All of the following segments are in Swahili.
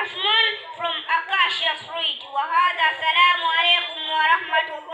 فصل from Acacia Street وهذا السلام عليكم ورحمة الله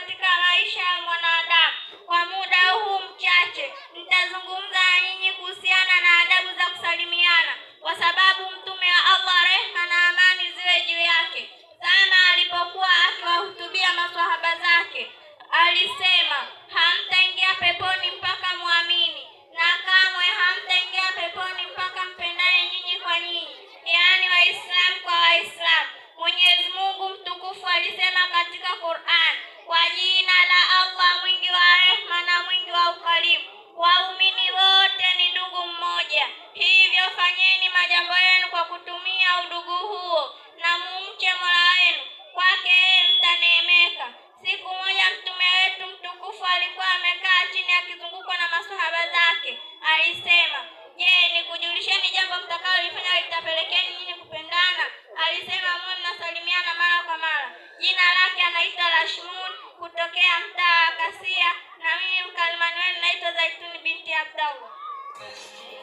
katika maisha ya mwanadamu. Kwa muda huu mchache, nitazungumza na nyinyi kuhusiana na adabu za kusalimiana, kwa sababu Mtume wa Allah, rehma na amani ziwe juu yake, sana alipokuwa akiwahutubia maswahaba zake alisema, hamtaingia peponi mpaka muamini, na kamwe hamtaingia peponi mpaka mpendane nyinyi kwa nyinyi, yaani Waislamu kwa Waislamu. Mwenyezi Mungu mtukufu alisema katika Qur'an kwa jina la Allah mwingi wa rehma na mwingi wa ukarimu. Waumini wote ni ndugu mmoja, hivyo fanyeni majambo yenu kwa kutumia udugu huo na mumche Mola wenu, kwake yeye mtaneemeka. Siku moja mtume wetu mtukufu alikuwa amekaa chini akizungukwa na masahaba zake, alisema Je, nikujulisheni jambo mtakalolifanya litapelekeni nyinyi kupendana? Alisema mwe mnasalimiana mara kwa mara. Jina lake anaitwa Rashmu natokea mtaa wa Kasia na mimi mkalimani naitwa Zaituni binti Abdallah.